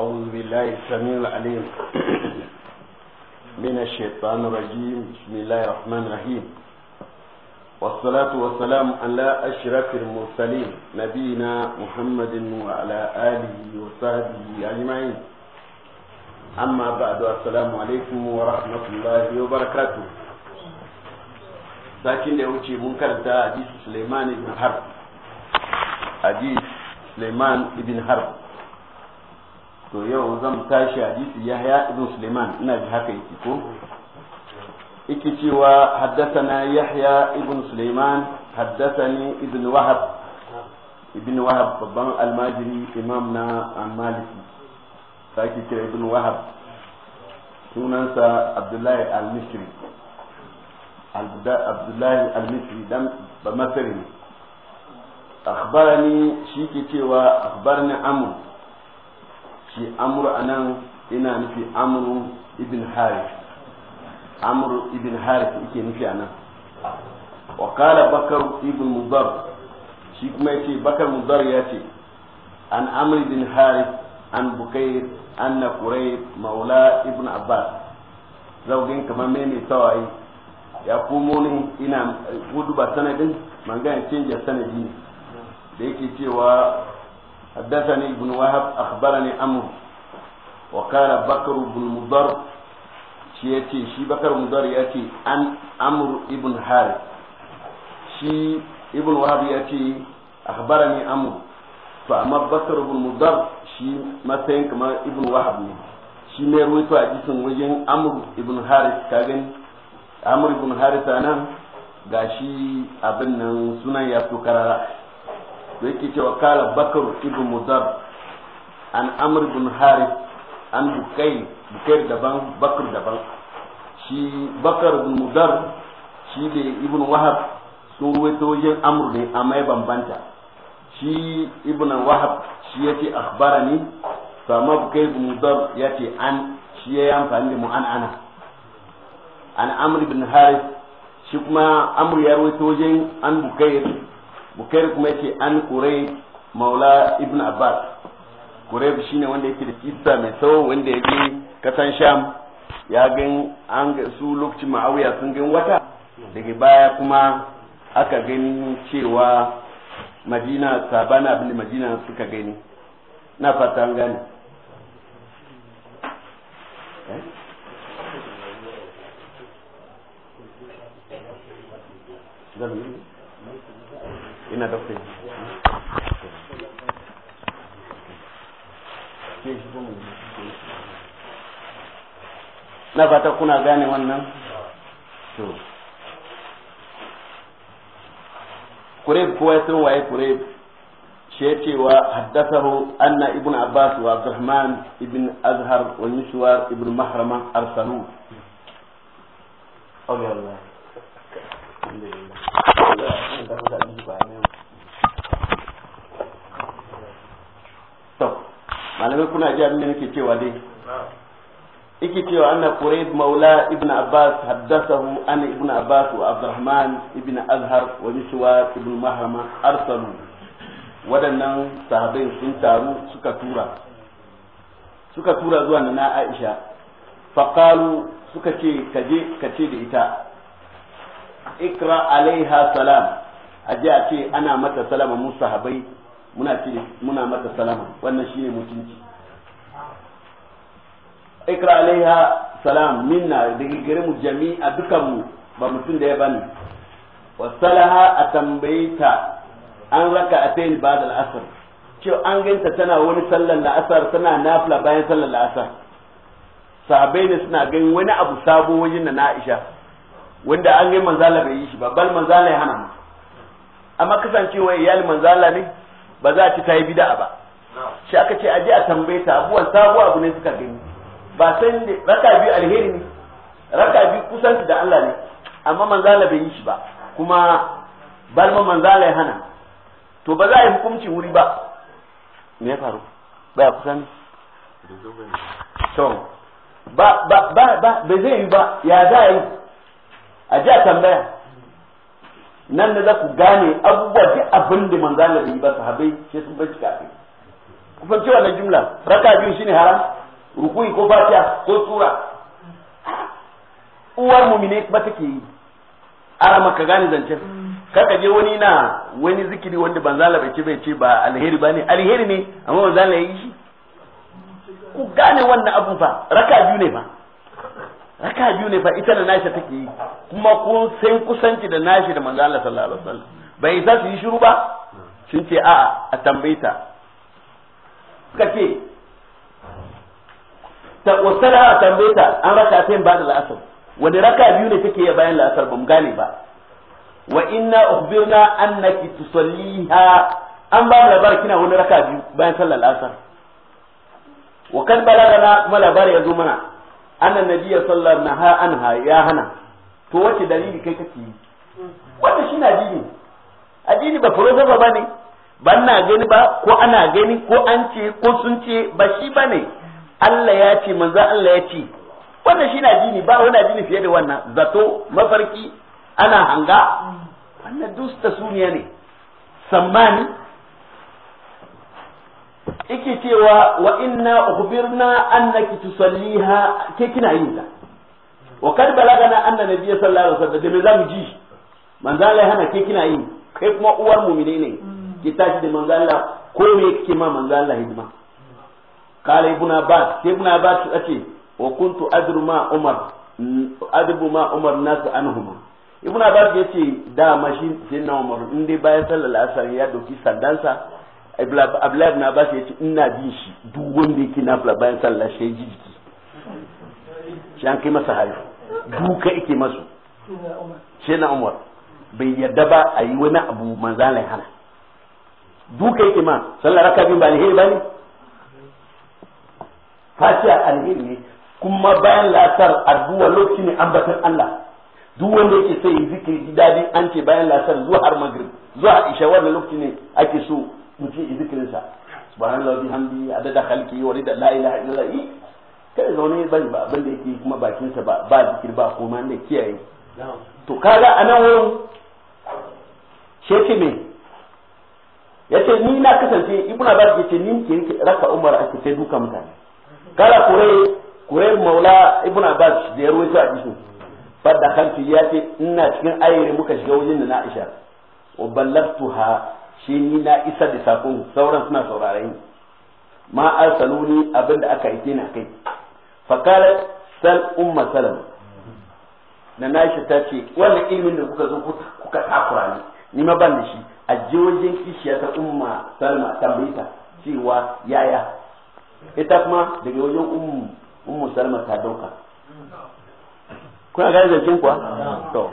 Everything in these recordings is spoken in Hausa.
أعوذ بالله السميع العليم من الشيطان الرجيم بسم الله الرحمن الرحيم والصلاة والسلام على أشرف المرسلين نبينا محمد وعلى آله وصحبه أجمعين أما بعد السلام عليكم ورحمة الله وبركاته ساكن يوتي منكر حديث سليمان بن حرب حديث سليمان بن حرب to yau zan tashi hadisi yahya ibn suleiman ina ji haka yake ko yake cewa haddathana yahya ibn suleiman haddathani ibn wahab ibn wahab babban almajiri imam na maliki sake kira ibn wahab sunansa abdullahi al-misri abdullahi al-misri dan ba masari ne akhbarani shi ke cewa akhbarani amur shi amru anan ina nufi amru ibn harith amru ibn harith yake nufi anan wa kala bakar ibn mudar shi kuma yace bakar mudar ce an amr ibn harith an an na qurayb maula ibn abbas zaugin kamar mai tawaye ya komo ni ina gudu ba sanadin mangan canja sanadi da yake cewa حدثني ابن وهب أخبرني عمرو وقال بكر بن مضر شيتي شي بكر مضر يأتي عن عمرو ابن حارث شي ابن وهب يأتي أخبرني عمرو فأما بكر بن مضر شي مثلا كما ابن وهب شي نروي ruwaito a jikin wajen amur ibn haris ka gani amur ibn haris a nan ga shi abin nan sunan ya fito karara da yake cewa kala bakar ibn mudar an amr bin harith an bukai bukai daban bakar daban shi bakar bin mudar shi da ibn wahab sun ruwaito wajen amr ne amma ya bambanta shi ibn wahab shi yake akhbarani sama bukai bin mudar yace an shi ya amfani da mu an ana an amr bin harith shi kuma amr ya ruwaito wajen an bukai bukari kuma yake an kurai maula ibn abbas kurai shine wanda yake da kisa mai tsawo wanda yake kasan sham ya gan an su lokacin ma'awiya sun gan wata daga baya kuma aka gani cewa madina sabana abin madina suka gani na fata an gane Thank eh? ina da kai na fata kuna gane wannan to kureb kowa ya san waye kureb shi cewa haddathahu anna ibn abbas wa abdurrahman ibn azhar wa mishwar ibn mahrama arsalu Allah Allah malamai kuna ji abin da nake cewa dai yake cewa anna qurayd maula ibn abbas haddathahu an ibn abbas wa abdurrahman ibn azhar wa miswa ibn mahrama arsalu wadannan sahabbai sun taru suka tura suka tura zuwa na aisha faqalu suka ce kaje ce da ita ikra alaiha salam aje a ce ana mata salama mu muna cire muna mata salama wannan shi ne mutunci ikra alaiha salam minna da gare mu jami'a dukan mu ba mutum da ya bani wasalaha a tambaye ta an raka a tayin ba da al'asar cewa an ganta tana wani sallan la'asar tana nafila bayan sallan la'asar sahabai ne suna gani wani abu sabo wajen na na'isha wanda an gani manzala bai yi shi ba bal manzala ya hana mu amma kasancewa iyali manzala ne ba za a ci ta yi bid'a ba shi aka ce aje a tambaye ta abuwan sabuwa abu ne suka gani ba san ne raka biyu alheri ne raka biyu kusan da Allah ne amma manzala bai yi shi ba kuma balma manzala ya hana to ba za a yi hukunci wuri ba me ya faru baya kusan to ba ba ba ba zai yi ba ya za a yi a ji a tambaya nan da za ku gane abubuwa da abin da manzo Allah bai ba sahabbai sai sun bincika kai ku fahimci wannan jumla raka biyu shine haram rukui ko fatiha ko sura uwar mumine ba take yi arama ka gane zance kaka je wani na wani zikiri wanda manzo Allah bai ce bai ce ba alheri ba ne alheri ne amma manzo Allah yi shi ku gane wannan abun fa raka biyu ne fa raka biyu ne fa ita da nasha take yi kuma kun san kusanci da nashi da manzo Allah sallallahu alaihi wasallam bai za su yi shiru ba sun ce a'a a tambayta suka ce ta wasala a tambayta an raka ta yin bada la'asar wani raka biyu ne take ya bayan la'asar mu gane ba wa inna ukhbirna annaki tusalliha an ba mu labarin kina wani raka biyu bayan sallar la'asar wa kan balagana kuma labarin ya zo mana annan nabiyya sallallahu alaihi wasallam ya hana to wace dalili kai kake yi wannan shi na addini addini ba filosofa ba ne ba na gani ba ko ana gani ko an ce ko sun ce ba shi ba ne Allah ya ce manzo Allah ya ce wannan shi na addini ba wani dini fiye da wannan zato mafarki ana hanga wannan dus ta suniya ne sammani ike cewa wa inna ukhbirna annaki tusalliha ke kina yin ta wa kad balagana anna na sallallahu alaihi wasallam da me zamu ji manzo Allah hana ke kina yi kai kuma uwar mu'mini ne ki tashi da manzo Allah ko me kike ma manzo Allah hidima qala ibn abbas sai ibn ma umar adbu ma umar nasu anhuma ibn abbas yace da mashi sayyidina umar in dai bayan salla alaihi ya doki sandansa abdullahi ibn abbas yace ina shi duk wanda yake bayan sallah shi jiki shi an kai duka ike masu shi na umar bai yadda ba a yi wani abu manzalai hana duka yake ma sallar raka bin ba alheri ba ne fatiha alheri ne kuma bayan lasar addu'a lokaci ne ambatar Allah duk wanda yake sai yi zikiri ji dadi an ce bayan lasar zuwa har magrib zuwa isha wannan lokaci ne ake so mutum yi zikirin sa subhanallahi bihamdi adada khalqi wa rida la ilaha illa sai ya zaune bari ba abin da yake kuma bakinsa ba ba jikin ba kuma da kiyaye to kaga a nan wurin sheke me ce ni na kasance ibnu abbas ce ni ke raka umar a cikin duka mutane kala kure kure maula ibnu abbas da ya rawaito a ba da kanti ya ce ina cikin ayyari muka shiga wajen da na isha wa ballagtuha shi ni na isa da sakon sauran suna saurare ni ma arsaluni abinda aka yi na kai fakalar sal umma salam na nashi ta ce wannan ilimin da kuka zo kuka takura ne ni ma ban da shi a je wajen kishiya ta umma salma tambayita cewa yaya ita kuma daga wajen ummu ummu salma ta dauka kuna gane zancen kuwa to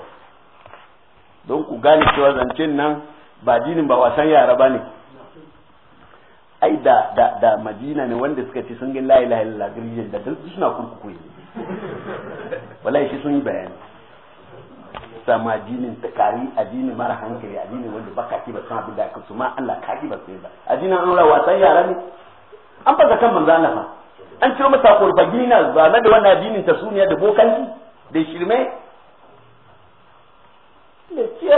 don ku gane cewa zancen nan ba dinin ba wasan yara ba ne ai da da da madina ne wanda suka ce sun ga la ilaha illallah girgin da duk suna kurkuku ne wallahi shi sun yi bayani sama addinin takari addini mara hankali addini wanda baka ki ba san abin da aka ma Allah ka ki ba sai ba addinin an rawa sai yara ne an fa zakan manzo Allah fa an ciro masa kurbagina zana da wannan addinin ta suniya da bokanci da shirme da ce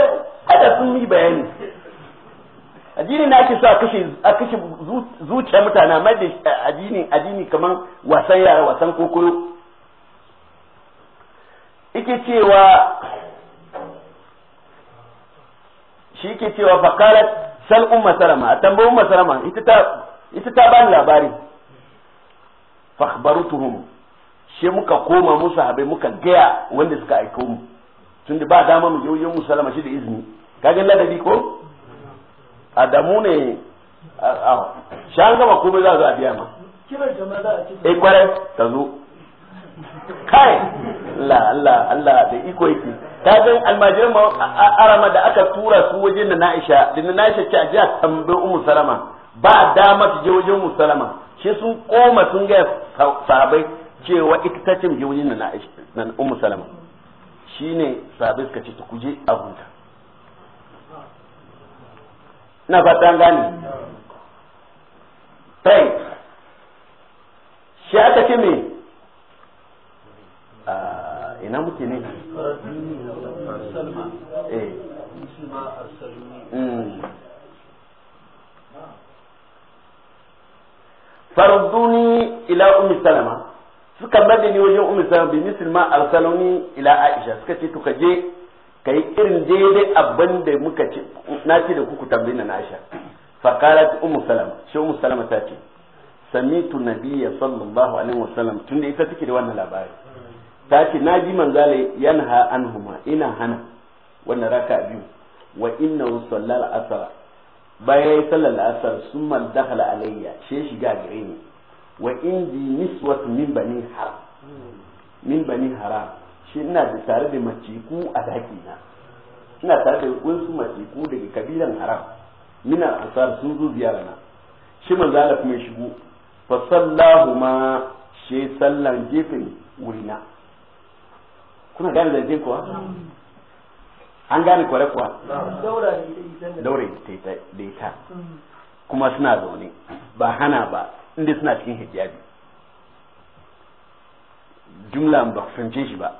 ada sun yi bayani addini na ake sa a kashe a kashe zuciya mutane amma da addini addini kaman wasan yara wasan kokoro yake cewa shi yake cewa fakarar sal umma salama a tambayin umma salama ita ta bani labari fakhbarutuhum shi muka koma musu habai muka gaya wanda suka aiko mu tunda ba dama mu je wajen salama shi da izini kaga ladabi ko adamu ne a shan gama komai za a zo a biya ma eh kwarai ka zo kai Allah Allah Allah da iko yake ta zai almajirin ma arama da aka tura su wajen na Naisha da na na'isha ce a jiya tambayi umu Salama ba dama su je wajen umu Salama shi sun koma sun ga sabai cewa ita ta ce mu je wajen na Naisha na Ummu Salama shine sahabbai suka ce ta kuje abunta na fatan gani tai shi aka ce me ah, ina muke ne eh. hmm. farduni ila ummi salama suka bada ni wajen ummi salama bi misal ma arsaluni ila aisha suka ce to ka je Ka yi irin daidai abin da muka ce na ce da kuku tambayi na Aisha fakarat ummu salama shi ummu salama ta ce samitu nabiyya sallallahu alaihi wasallam tunda ita take da wannan labari ta ce na ji manzale yanha anhuma ina hana wannan raka biyu wa inna sallal asar bayan yayi sallar asar summa dakhala alayya she shiga gare ni wa indi niswat min bani haram min bani haram shi ina da tare da maciku a daki na ina tare da wasu maciku daga kabilan haram mina ansar sun zo ziyara na shi man zala kuma ya shigo fa sallahu ma shi sallan gefen wurina kuna gane da kuwa an gane kware kuwa daure da ita kuma suna zaune ba hana ba inda suna cikin hijabi jumla ba fahimce shi ba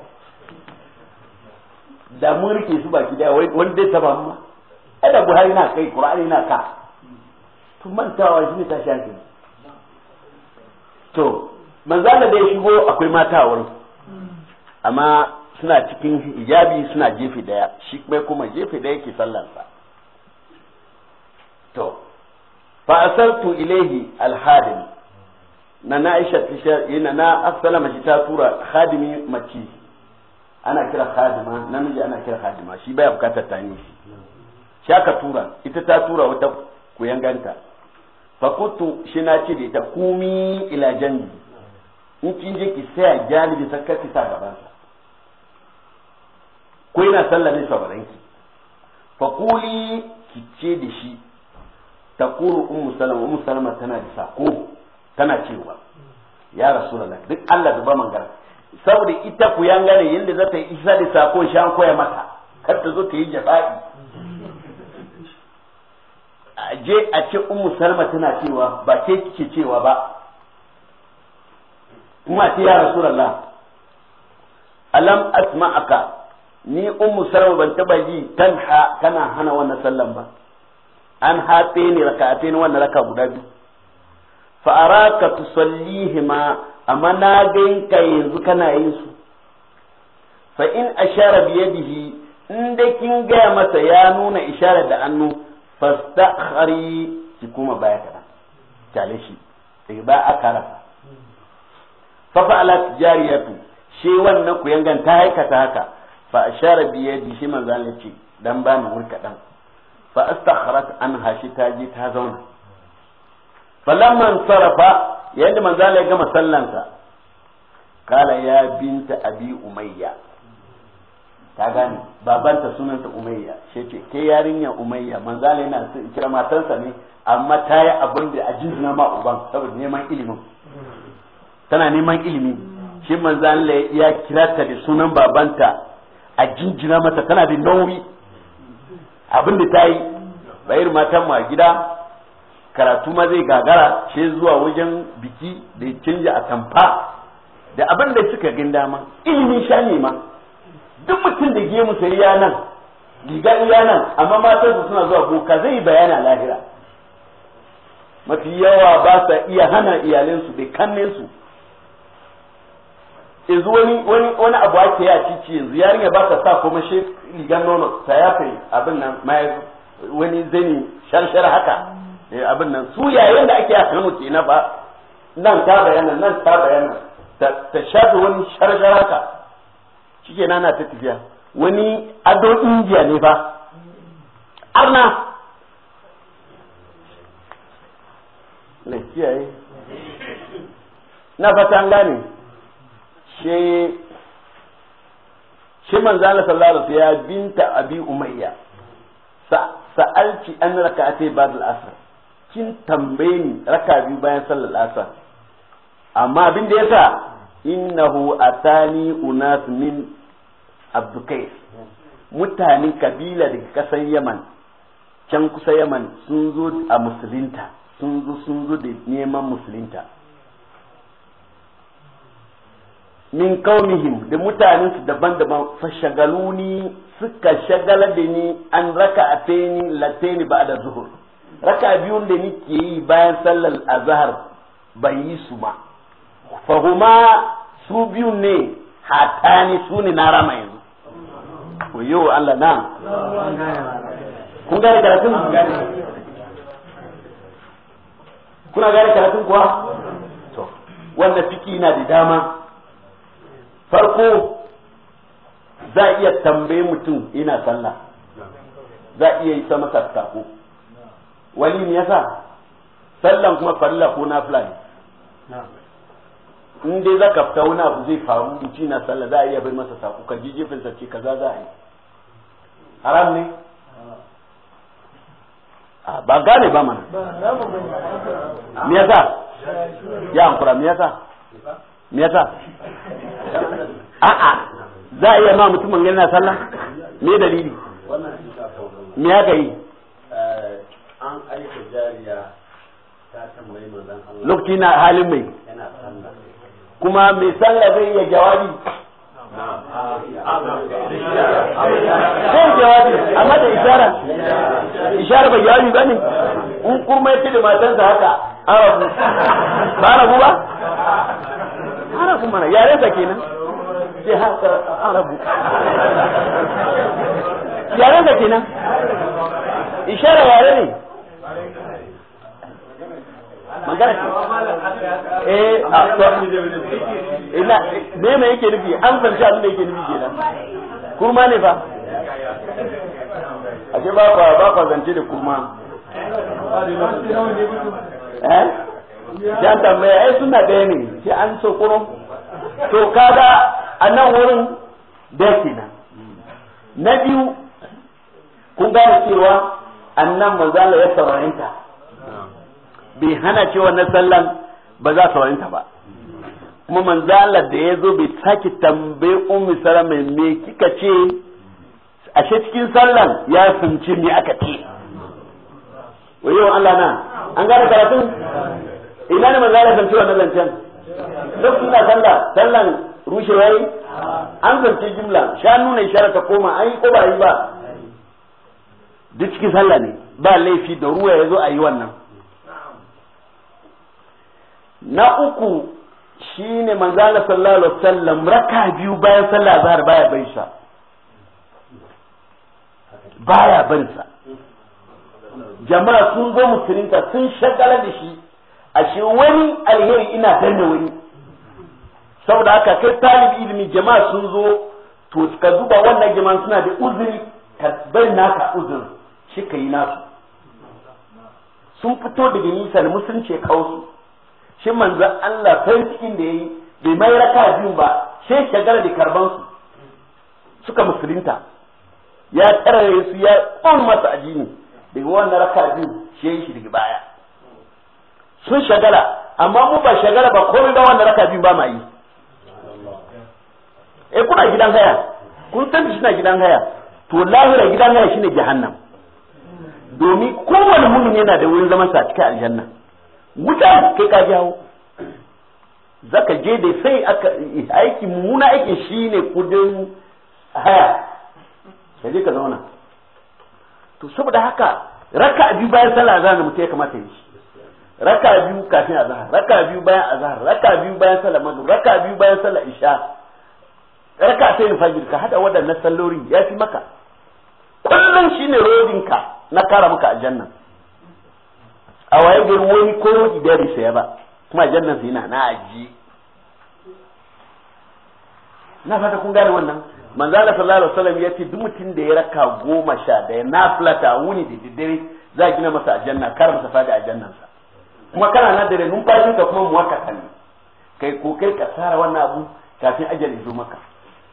da mun rike su baki daya wani zai taba mu ada buhari na kai qur'ani na ka to mantawa shi ne tashi hankali to manzala da ya shigo akwai mata a wurin amma suna cikin hijabi suna jefe daya shi mai kuma jefe daya ke sallansa to fa asaltu ilayhi alhadim na na aisha yana na asalama shi ta tura hadimi mace ana kira khadima namiji ana kira khadima shi baya bukatar tani shi aka tura ita ta tura wata ganta fakutu shi na ce da ita kumi ila janbi in kin je ki saya jalibi sakka ki sa gaban sa ko ina sallah ne sabaran ki kuli ki ce da shi kuru ummu salama ummu salama tana da sako tana cewa ya rasulullah duk Allah da ba mangara saboda ita ku yanga ne yadda za ta yi isa da sako shan koya mata kar ta zo ta yi jafa'i a je a ce ummu salma tana cewa ba ke kike cewa ba kuma ce ya rasulullah alam asma'aka ni ummu salma ban taba ji tanha kana hana wannan sallan ba an hatse ni raka'atin wannan raka guda biyu fa araka tusallihima amma na gan ka yanzu kana yin su fa in ashara bi yadihi in kin gaya masa ya nuna ishara da annu fastakhari ki kuma baya kana tale shi sai ba aka rafa fa fa ala tijariyatu shi wannan ku yangan ta haikata haka fa ashara bi yadihi shi manzo Allah ce dan ba ni wurka dan fa astakharat an hashi ta ji ta zauna falamman sarafa yadda manzo Allah ya gama sallansa kala ya binta abi umayya ta gane babanta sunanta umayya shi ce ke yarinya umayya manzo Allah yana kira matarsa ne amma ta yi abin da a jinjina ma uban saboda neman ilimin tana neman ilimi shi manzo Allah ya kira ta da sunan babanta a jinjina mata tana da nauyi abin da ta yi bayar matan ma gida karatu ma zai gagara shi zuwa wajen biki da ya canja a tamfa da abin da suka gin dama ilimin sha ne ma duk mutum da gemu sai ya nan riga iya nan amma su suna zuwa boka zai bayana lahira mafi yawa ba sa iya hana iyalinsu da kannensu yanzu wani wani abu ake ya cici yanzu yarinya ba ta sa kuma shi rigar nono ta yafe abin nan wani zani sharshar haka Eh, abin nan su yayin da ake akan mutu na ba nan ta bayanan nan ta bayanan ta shafe wani sharsharaka shi na nana ta tafiya wani ado indiya ne ba arna na kiyaye na fata an gane shi manzo Allah sallallahu ya binta abi umayya sa'alci an raka'atai ba'd al-asr kin tambaye ni raka biyu bayan sallar asar amma abin da yasa innahu atani unas min abdukais mutanen kabila daga kasar yaman can kusa yaman sun zo a musulinta sun zo sun zo da neman musulinta min kaumihim da mutanensu daban-daban fashagaluni suka shagala da ni an raka a ni latini ba da zuhur raka biyun da nike yi bayan sallar azhar ban yi su ba fahuma su biyun ne hatani su ne na rama yanzu yau Allah na kun gane karatun karatun kuwa to wannan fiki na da dama farko za iya tambaye mutum ina sallah za iya yi sama wani me yasa sallan kuma falla ko fila ne in dai za ka fita wani abu zai faru in na sallah za a iya bai masa sako ka ji jefin ce kaza za a yi haram ne ba gane ba mana me yasa ya hankura me yasa me yasa a'a za a iya ma mutumin yana sallah me dalili me ya yi an aika jariya ta tambayi manzon Allah lokaci na halin mai yana sallah kuma mai sallah zai iya jawabi Sai jawabi, amma da ishara, ishara bai jawabi ba ne, in kurma ya da matansa haka, arabu, ba arabu ba? Arabu mana, yarensa kenan. sai haka arabu yarensa kenan ishara yare ne magana ce eh a to ina me me yake nufi an fahimci abin da yake nufi kenan kurma ne fa a ce ba ba ba fa zance da kurma eh dan tambaya ai suna daya ne sai an so kurum to kaga a nan wurin da kenan na biyu kun gane cewa annan manzala ya saurayinta bai hana cewa na sallan ba za su ta ba kuma manzalar da ya zo bai sake tambaye ummi salama me kika ce ashe cikin sallan ya sunce me aka ce yau Allah na an gane karatun ina ne manzala sunci wannan can duk suna sallah sallan rushe wai an zance jumla shanu ne ishara ta koma an yi ko ba ba duk cikin sallah ne ba laifi da ruwa ya zo a yi wannan na uku shine ne manzana sallallahu alaihi wasallam raka biyu bayan sallah zahar baya bai sa baya bai sa jama'a sun zo musulunta sun shagala da shi ashe wani alheri ina danne wani saboda haka kai talib ilimi jama'a sun zo to ka zuba wannan jama'a suna da uzuri ka bar naka uzuri shi ka yi nasu sun fito daga nisa da musulunci ya kawo su shi manzo Allah farin cikin da ya yi bai mai raka biyun ba sai shagara da karban su suka musulunta ya tsarare su ya tsan masa ajini daga wannan raka biyun shi ya shi daga baya sun shagala amma mu ba shagala ba komai ba wannan raka biyun ba mai yi eh kuna gidan haya kun san shi na gidan haya to lahira gidan haya shine jahannam domin kowane mun yana da wurin zaman sa cikin aljanna wuta kai ka jawo zaka je da sai aka aiki mummuna aiki shine kudin haya sai ka zauna to saboda haka raka biyu bayan sallah zan mutum ya kamata yi shi raka biyu kafin azhar raka biyu bayan azhar raka biyu bayan sallah magrib raka biyu bayan sallah isha raka sai fajir ka hada wadannan sallori yafi maka kullun shine rodin ka na kara maka aljanna a waye gari wani ko wuji biyar da saya ba kuma jannan sai na aji na fata kun gane wannan manzo Allah sallallahu alaihi wasallam ya ce duk mutum da ya raka goma sha daya na flata wuni da daddare za a gina masa aljanna kar masa fada aljannan sa kuma kana nan dare numfashin ka kuma muwakkata ne kai kokai ka tsara wannan abu kafin ajali zo maka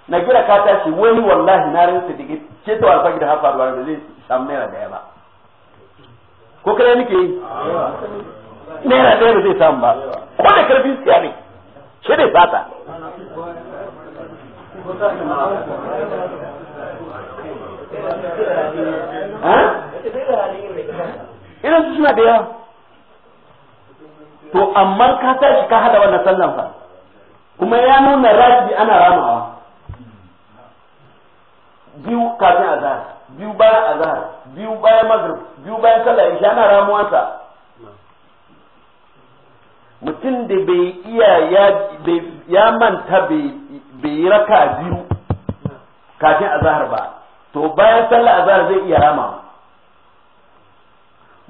na gira ka tashi wani wallahi na rinsa dige ce to alfaki da hafa da zai samu naira daya ba ko kare nake yi naira ɗaya ba zai samu ba ko da karfin siya ne shi ne fata idan su suna da yawa to amma ka sa shi ka hada wannan sallan fa kuma ya nuna rajibi ana ramawa biyu kafin azhar biyu bayan azhar biyu bayan magrib biyu bayan sallah isha na ramuwansa mutum da bai iya ya manta bai yi raka biyu kafin azahar ba to bayan sallah azahar zai iya rama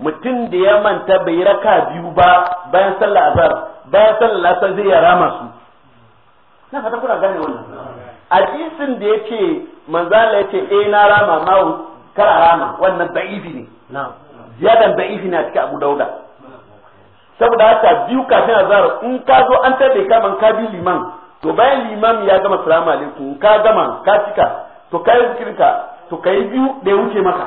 mutum da ya manta bai yi raka biyu ba bayan sallah azahar bayan sallah asar zai iya rama su na fata kuna gane wannan hadisin da yake manzala ce eh na rama ma kar arama wannan da'ifi ne ziyadan da'ifi na cikin abu dauda saboda haka biyu kafin a zara in ka zo an tabe ka man ka bi liman to bayan liman ya gama salamu alaikum ka gama ka cika to kai ka to kai biyu da ya wuce maka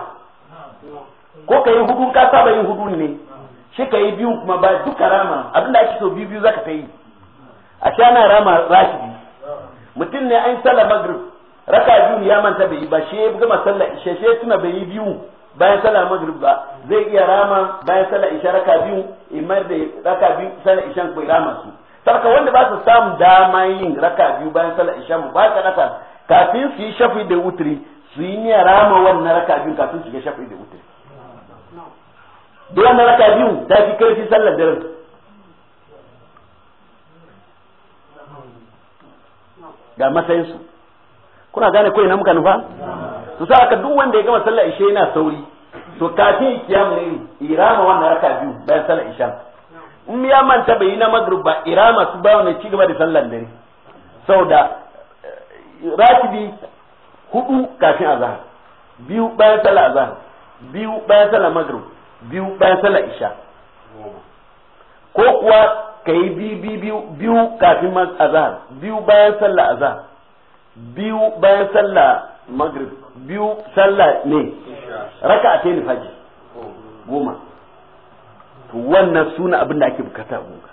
ko kai hudu ka saba yin hudu ne shi kai biyu kuma ba duka rama abinda ake so biyu biyu zaka ta yi a sha na rama rashidi mutum ne an sallah maghrib raka biyu ya manta bai yi ba shi ya gama sallah isha shi tuna bai yi biyu bayan sallah maghrib ba zai iya rama bayan sallah isha raka biyu imar da raka biyu sallah isha bai rama su sarka wanda ba su samu dama yin raka biyu bayan sallah isha mu ba ka kafin su yi shafi da wutri su yi niyya rama wannan raka biyu kafin su ga shafi da wutri dole raka biyu ta fi karfi sallar daren ga matsayinsu kuna gane ko ina muka nufa to sai aka duk wanda ya gama sallar isha yana sauri to kafin kiyamu ne irama wannan raka biyu bayan sallar isha in ya manta bai yi na magrib ba irama su bawo ne cigaba da sallar dare saboda eh, rakibi hudu kafin azhar biyu bayan sallar azhar biyu bayan sallar magrib biyu bayan sallar isha ko kuwa ka yi biyu biyu biyu kafin azhar biyu bayan sallar azhar biyu bayan sallah maghrib biyu sallah ne raka a ni fajr goma to wannan suna abin da ake bukata gunka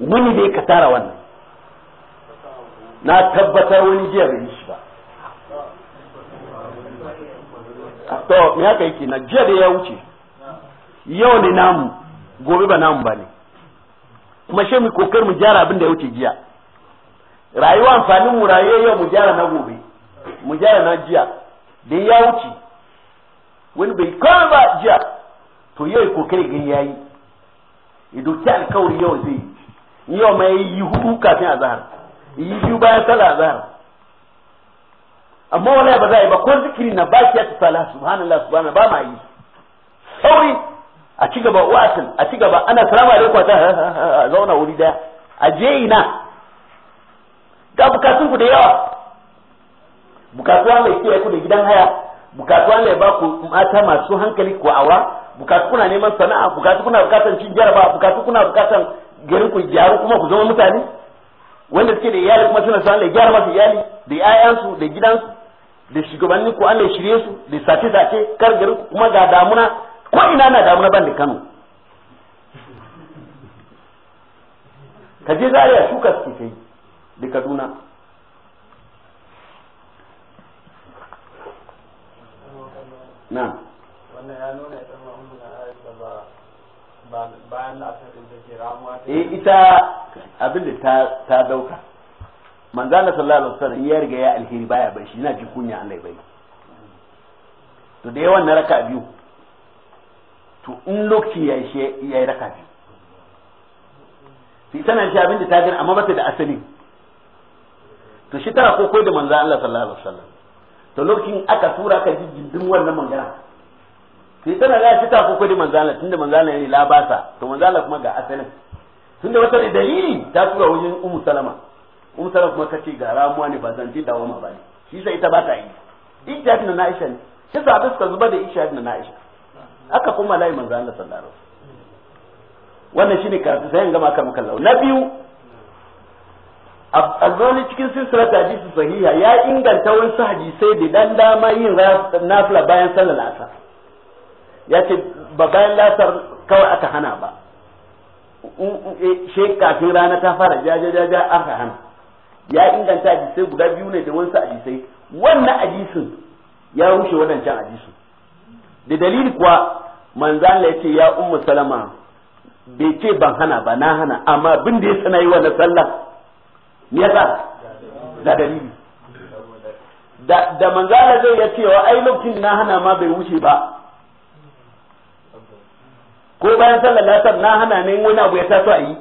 wani dai ka tara wannan na tabbatar wani jiya bai shi ba to me haka yake na jiya da ya wuce yau ne namu gobe ba namu ba ne kuma shi mu kokar mu gyara abin da ya wuce jiya rayuwa amfani mu rayuwa yau mu gyara na gobe mu gyara na jiya da ya wuce wani bai kawai ba jiya to yau kokari gani ya yi idoki alkawari yau zai yi yau ma yi hudu kafin a zahar yi biyu bayan sallah a zahar amma wani ba za a yi ba ko zikiri na baki ya tafi subhanallah subhanallah ba ma yi sauri a ci gaba wa'atin a ci gaba ana salamu alaikum ta zauna wuri daya a je ina ga bukatun ku da yawa bukatuwa mai kiyaye ku da gidan haya bukatuwa mai ba ku mata masu hankali ku awa bukatu kuna neman sana'a bukatu kuna bukatan cin jaraba bukatu kuna bukatan garin ku gyaru kuma ku zama mutane wanda suke da iyali kuma suna son da gyara masu iyali da 'ya'yansu da gidansu da shugabanni ko Allah ya shirye su da sace-sace kar garin ku kuma ga damuna ko ina na damuna ban da Kano ka je zariya shuka suke kai di kaduna na wannan ya nuna ita na aisha ba bayan la'asarin da ke ramuwa ta eh ita abin da ta dauka manzana sallallahu alaihi wasallam ya riga ya alheri baya bai shi yana ji kunya Allah bai to da yawan na raka biyu to in lokaci ya yi raka biyu sai tana shi abin da ta gani amma ba ta da asali to shi tana kokoi da manzan Allah sallallahu alaihi wasallam to lokacin aka tura ka ji jindin wannan magana sai tana ga shi ta kokoi da manzan Allah tunda manzan Allah yi labasa to manzan Allah kuma ga asalin tunda wata da dalili ta tura wajen Ummu Salama Ummu Salama kuma kace ga ramuwa ne ba zan ji dawo ma ba ne shi sai ita ba ta yi ijtihad na Aisha ne shi sahabbai suka zuba da da na Aisha aka kuma layi manzan Allah sallallahu alaihi wasallam wannan shine karatu sai in gama kan kallau na biyu albani cikin silsila ta hadisi sahiha ya inganta wasu hadisai da dan dama yin nafila bayan sallar asar ya ce ba bayan lasar kawai aka hana ba e, shi kafin rana ta fara jajajaja aka hana ya inganta hadisai guda biyu ne da wasu hadisai wannan hadisin ya rushe wadancan hadisin da dalili kuwa manzan ya ce ya ummu salama bai ce ban hana ba na hana amma bin da ya sanayi yi wannan sallah me yasa da dalili da da manzala zai ya cewa ai lokacin na hana ma bai wuce ba ko bayan sallar lasar na hana ne wani abu ya taso a yi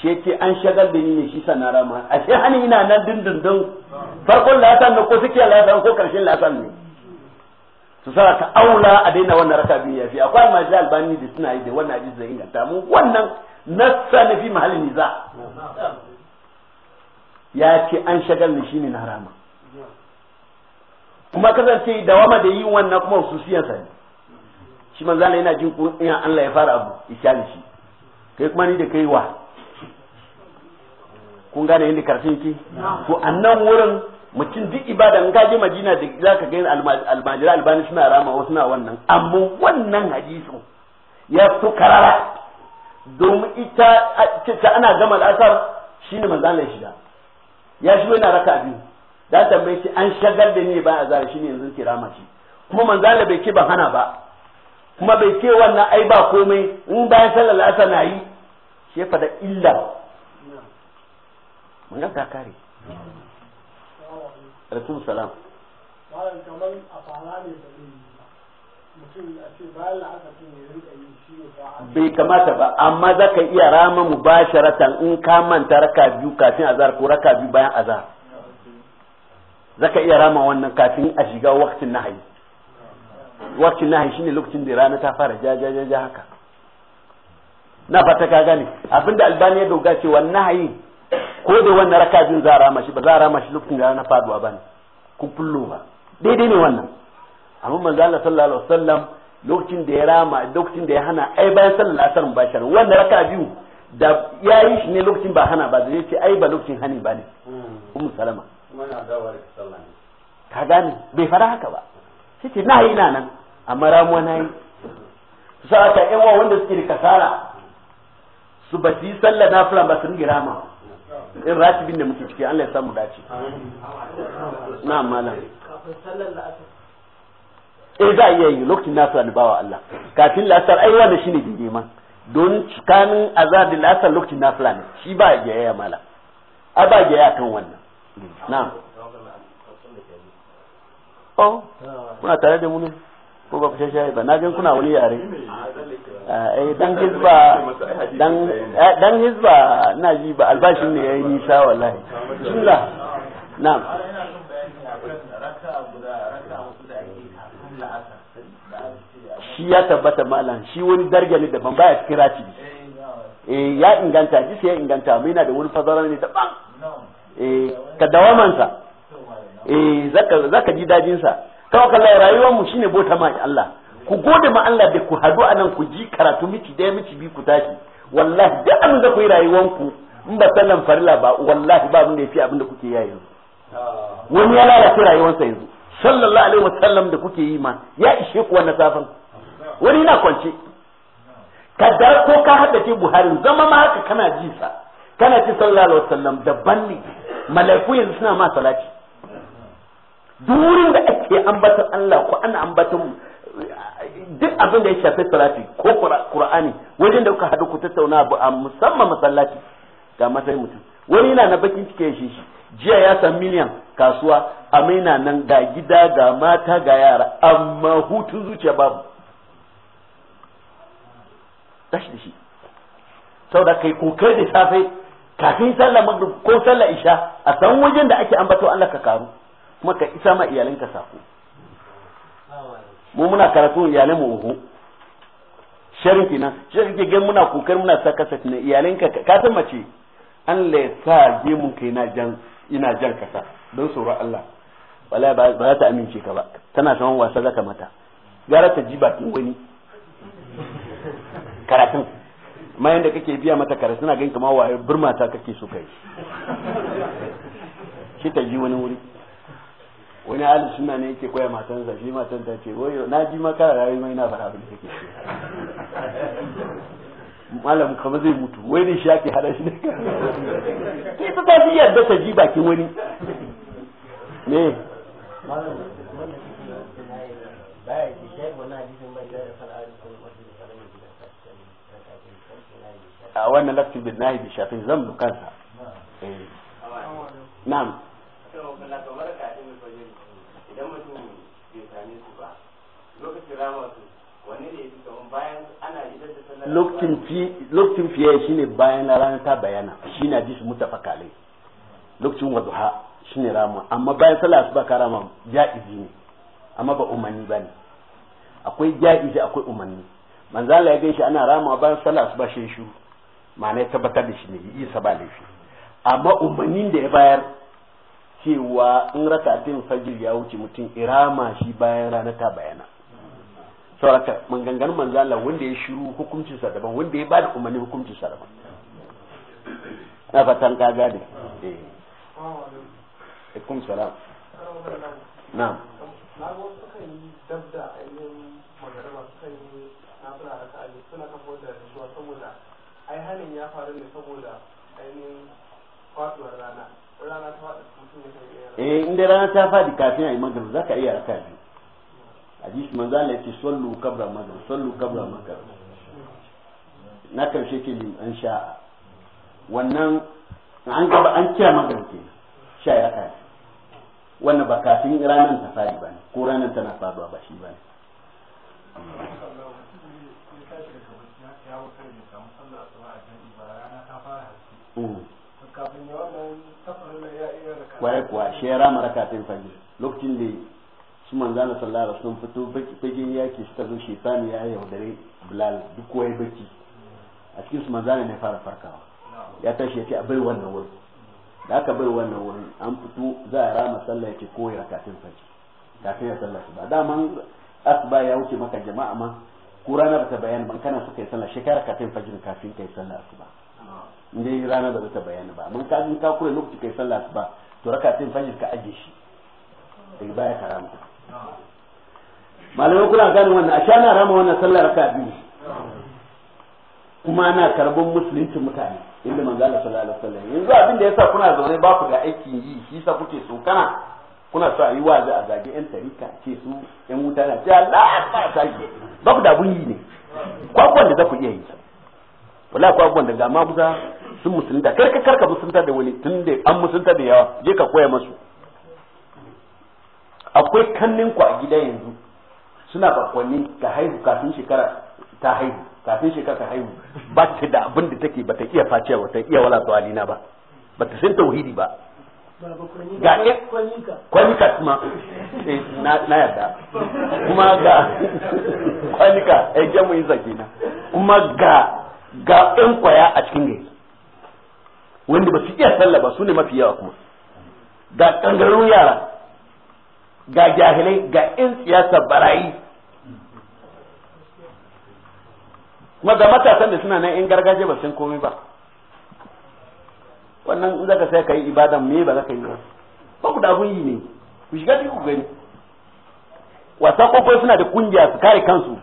shi yake an shagal da ni ne shi sana rama a shi hani ina nan dindindin farkon lasar ne ko suke lasar ko karshen lasar ne su sa ka aula a daina wannan raka biyu ya fi akwai masu albani da suna yi da wannan ajiyar zai inganta mu wannan nassa na fi mahallin niza ya ce an shagal da shi ne na harama kuma kasance dawama da yin wannan kuma hususiyansa ne shi manzo Allah yana jin kunyan Allah ya fara abu ya shi kai kuma ni da kai wa kun gane yadda karfin ki to annan wurin mutum duk ibada in kaje Madina da zaka ga almajira albani suna rama wasu na wannan amma wannan hadisin ya fito karara domin ita ta ana gama al'asar shine manzo Allah ya shiga ya shi yana raka biyu da tambaye shi an shagar da ni ba a zara shi ne yanzu kira mace kuma manzala bai ce ban hana ba kuma bai ke wannan ai ba komai in bayan sallar asar na yi shi ya fada illa mun ga kare salam bai kamata ba amma za ka iya rama mu ba sharatan in ka manta raka biyu kafin azar ko raka biyu bayan azar za ka iya rama wannan kafin a shiga waktin nahayi waktin nahayi shine lokacin da rana ta fara ja ja ja haka na fata ka gane abinda albani ya doga cewa nahayi ko da wannan raka biyu za a rama shi ba za a rama shi lokacin da rana faduwa ba ne ku fullo ba daidai ne wannan amma manzo Allah sallallahu alaihi wasallam lokacin da ya rama lokacin da ya hana ai bayan sallar asar mubasharan wannan raka biyu da ya yi shi ne lokacin ba hana ba zai ce ai ba lokacin hani ba ne hmm. ummu salama ka gane bai fara haka ba sai ce na yi na nan amma ramuwa na yi su aka yawa wanda suke da kasara su ba su yi sallah na fulan ba su ringe rama in ratibin da muke ciki Allah ya samu dace na malam kafin sallar la'asar eh za a iya yi lokacin nasu annabawa Allah kafin lasar ai wannan shine dinde ma don tsakanin azar da lasar lokacin nasu ne shi ba ya yaya mala a ba ya yaya kan wannan na'am oh kuna tare da mu ne ko ba ku shashaye ba na gan kuna wani yare ah, eh dan hizba dan eh, dan hizba na ji ba albashin ne yayi nisa wallahi bismillah na'am shi ya tabbata malam shi wani darja ne daban baya cikin rafi eh ya inganta ji ya inganta amma yana da wani fazara ne daban eh ka dawamansa eh zaka zaka ji dadin sa tawakkal rayuwar mu shine bota ma Allah ku gode ma Allah da ku hadu anan ku ji karatu miki daya miki bi ku tashi wallahi duk abin da ku yi rayuwar ku in ba sallan farila ba wallahi ba abin da yafi abin da kuke yi yanzu wani ya lalace rayuwarsa yanzu sallallahu alaihi wasallam da kuke yi ma ya ishe ku wannan safan wani na kwance ka ko ka ke buhari zama ma haka kana ji sa kana ci sallallahu alaihi wasallam daban ne malaiku yanzu suna ma salati durin da ake ambatan Allah ko ana mu duk abin da ya shafi salati ko qur'ani wajen da kuka hadu ku tattauna abu a musamman masallaci ga matsayin mutum wani yana na bakin cike shi shi jiya ya san miliyan kasuwa amina nan ga gida ga mata ga yara amma hutun zuciya babu tashi da shi saboda kai kokar da safe kafin sallah magrib ko sallah isha a san wajen da ake ambato Allah ka karu kuma ka isa ma iyalinka sako mu muna karatu iyalan mu uhu sharin kenan shi kake ga muna kokar muna sa kasa ne iyalinka ka san mace an ya sa ge mu kai na jan ina jan kasa don tsoron Allah wala ba za ta amince ka ba tana son wasa zaka mata gara ta ji bakin wani karatun ma yanda kake biya mata karatu suna ganin kamar waye burma ta kake so kai shi ta ji wani wuri wani ahli suna ne yake koya matan za shi matan ta ce wayo na ji ma kara rayu mai na fara abin da kake malam kamar zai mutu wai ne shi ake hada shi ne ke ta ta ji yadda ta ji bakin wani ne a wannan lafi bin nahi bi shafin zan kansa eh. na'am lokacin fiye shi ne bayan ana idan da sallar lokacin fiye shine bayan rana ta bayana shine hadisi ne lokacin wadduha shine rama amma bayan sallar ba ka rama ja'izi ne amma ba umarni ba ne akwai ja'izi akwai umarni manzala ya gaishe ana rama bayan su ba shi shuru ma'ana ya tabbatar da shi ne isa ba laifi amma umarnin da ya bayar cewa in raka din fajir ya wuce mutum irama shi bayan rana ta bayana sauraka maganganun manzala wanda ya shiru hukuncin sa daban wanda ya bada umarnin hukuncin sa daban na fatan ka gane eh alaikum salam na'am na go suka yi dabda magana hanin ya faru ne saboda ainihin faduwar rana rana ta faɗi mutum ya kai eh inda rana ta faɗi kafin a yi magana za ka iya raka biyu hadisi manzo Allah yake sallu kabra magana sallu kabra magana na karshe ke lim an sha'a wannan an gaba an kira magana ke sha ya raka wannan ba kafin ranar ta faɗi ba ne ko ranar tana faɗuwa ba shi ba ne kwaye kuwa shi ya rama rakatun fage lokacin da su manza na da sun fito fagen yaki suka zo shaitan ya yaudare bilal duk kowa a cikin su manza ne fara farkawa ya tashi ya ce a bai wannan wuri da aka bai wannan wuri an fito za a rama sallah ya ce kowa ya rakatun fage kafin ya sallah su ba daman asuba ya wuce maka jama'a ma Ku ranar ta bayani ban kana suka yi sallah shekara kafin fajr kafin kai sallah asuba dai ranar da ta bayani ba mun ka ka kure lokaci kai sallah asuba to rakatin fajr ka aje shi daga baya ka rama malamai kuna gane wannan a sha na rama wannan sallah raka biyu kuma ana karbon musulunci mutane inda manzo Allah sallallahu alaihi wasallam yanzu abin da yasa kuna zaune ba ku ga aikin yi shi sa kuke tsokana kuna so a yi wa a zage yan tarika ce su yan wuta na ce Allah ba sake ba ku da abun yi ne kwakwan da za ku iya yi wala kwakwan da ga kusa sun musulunta karka karka musulunta da wani tun da an musulunta da yawa je ka koya masu akwai kannin ku a gida yanzu suna bakwanni ka haihu kafin shekara ta haihu kafin shekara ta haihu ba ta da abin da take ba ta iya faciya ta iya wala tsawalina ba ba ta san tauhidi ba ga kwanika kuma eh, na yarda kuma ga kwanika a eh, jamu yi zage na kuma ga ga ɗan kwaya a cikin gari wanda ba su iya sallah ba su ne mafi yawa kuma ga ƙangararrun yara ga jahilai ga ɗan siyasa barayi kuma ga matasan da suna nan in gargajiya ba sun komai ba wannan in zaka sai ka yi ibada me ba zaka yi ba ba ku da abun yi ne ku shiga ku gani wasa kokoi suna da kungiya su kare kansu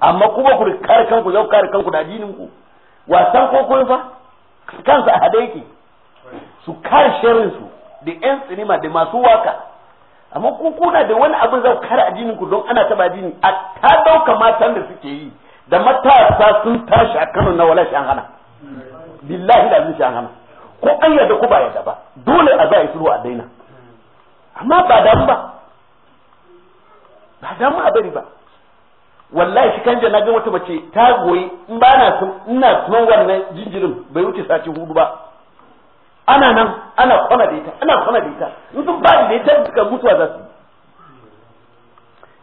amma kuma ku kare kanku zau kare kanku da addinin ku wasan kokoi fa kansu a hade yake su kare sharin su da yan sinima da masu waka amma ku kuna da wani abin zau kare addinin ku don ana taba addini a ta dauka matan da suke yi da matasa sun tashi a Kano na wala shi an hana billahi da zin shi an hana ko an yarda ko ba yarda ba dole a za a yi a daina amma ba damu ba ba damu a bari ba wallahi shi kanja na ga wata mace ta goyi in ba na sun ina tunan wannan jinjirin bai wuce sati hudu ba ana nan ana kwana da ita ana kwana da ita in sun ba da ita suka mutuwa za su